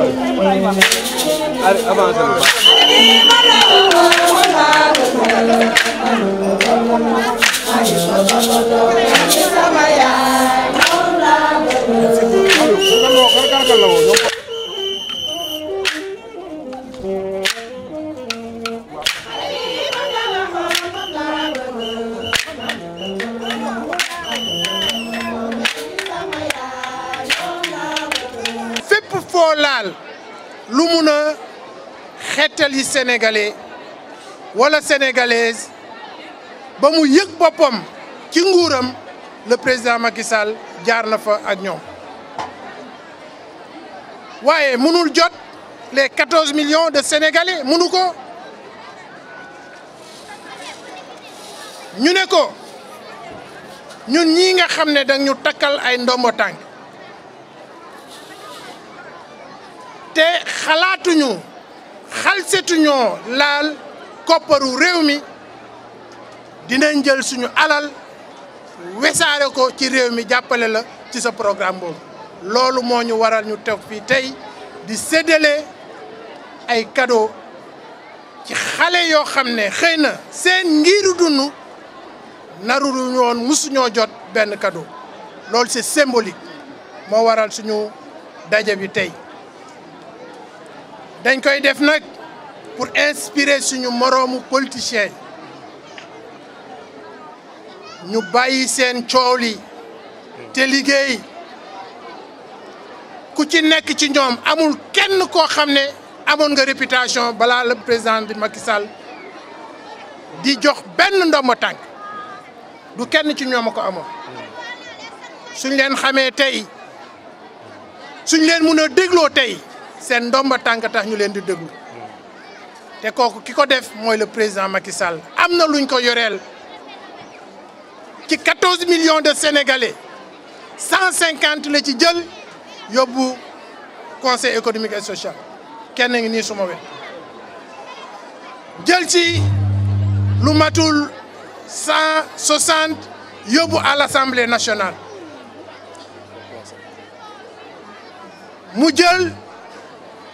Avança, Lumuna, mun a sénégalais wala sénégalaise ba mu yëg boppam ci le président Macky Sall jaar na fa ak ñoom mënul jot les 14 millions de sénégalais mënu ko ñu ne ko ñun ñii nga xam ne dañu takkal ay ndombo te xalaatuñu xalsetuñoo laal kopparu réew mi dina jël suñu alal wesaare ko ci réew mi jàppale la ci sa programme boobu loolu moo ñu waral ñu teg fii tey di séddale ay kado ci xale yoo xam ne xëy na seen ngiiru dund narulu ñoon musuñoo jot benn kado loolu c'est moo waral suñu daje bi tey dañ koy def nag pour inspirer suñu moroomu politiciens ñu bàyyi seen coow li te liggéey ku ci nekk ci ñoom amul kenn koo xam ne amoon nga réputation balaa la président di Macky di jox benn ndomba tànk du kenn ci ñoom a ko amoon suñ leen xamee tey suñ leen mun a dégloo tey C'est ndomba tànk tax ñu leen di déglu té koku kiko def moy le président Macky Sall amna luñ ko yoreel ci 14 millions de sénégalais 150 la ci jël yobbu conseil économique et social kenn ngi ni suma wé jël ci lu matul 160 yobbu à l'Assemblée nationale mu jël.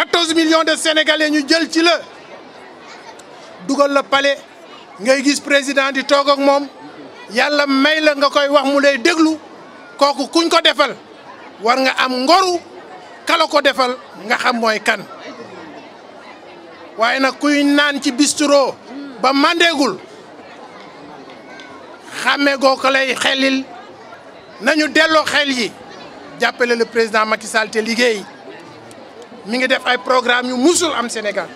14 millions de sénégalais ñu jël ci la dugal la palais ngay gis président di toog ak moom yàlla may la nga koy wax mu lay déglu kooku kuñ ko defal war nga am ngoru kala ko defal nga xam mooy kan waaye nag kuy naan ci bistro ba mandeegul xàmmee goo ko lay xelil nañu delloo xel yi jàppale la président mati Sall liggéey mi ngi def ay programme yu musul au Sénégal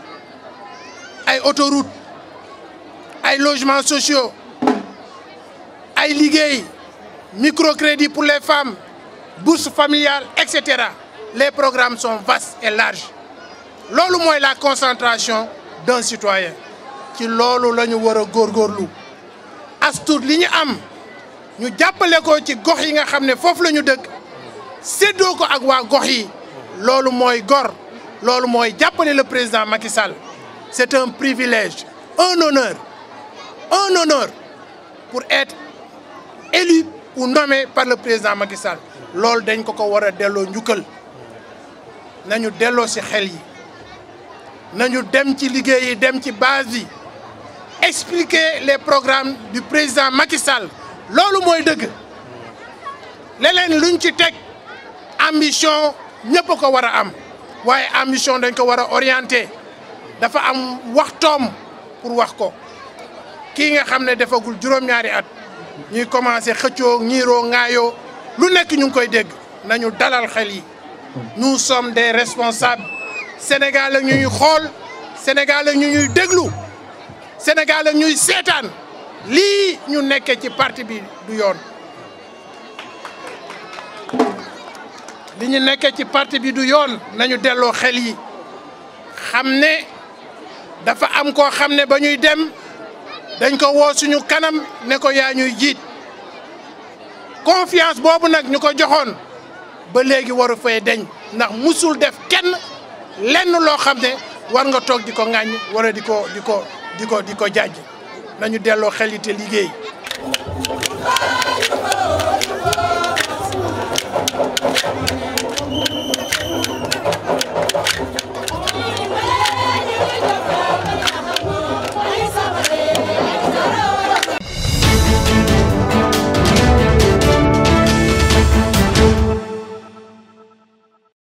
ay autoroutes, ay logements sociaux ay liggéey microcrédit pour les femmes bourse familiale etc. les programmes sont vastes et larges C'est est la concentration d'un citoyen ci ce que nous devons a Astour, astur li nous am ñu jàppale ko ci gox yi nga xam ne foofu la ñu ko lolu moy gor lolu moy jàppale le président Makisal, Sall c'est un privilège un honneur un honneur pour être élu ou nommé par le président Macky Sall lolu dañ ko ko wara dello delloo nañu dello ci xel yi nañu dem ci yi dem ci base expliquer les programmes du président Makisal, Sall lolu moy deug leneen luñ ci ambition ñëpp ko war a am waaye ambition dañ ko wara orienter dafa am waxtom pour wax ko ki nga xamné defagul juróom-ñaari at ñi commencé xëccoo ñiiroo ngaayo lu nekk ñu koy dégg nañu dalal xel yi nous sommes des responsables Sénégal la ñuy xol Sénégal ñu ñuy déglu Sénégal ñuy sétane li ñu nekk ci parti bi du yoon li ñu nekkee ci parti bi du yoon nañu delloo xel yi xam ne dafa am koo xam ne ba ñuy dem dañ ko woo suñu kanam ne ko yaa ñuy jiit confiance boobu nag ñu ko joxoon ba léegi waru fay deñ ndax musul def kenn lenn loo xam ne war nga toog di ko ŋàññ wara di ko di ko di ko di ko jàjj nañu delloo xel yi te liggéey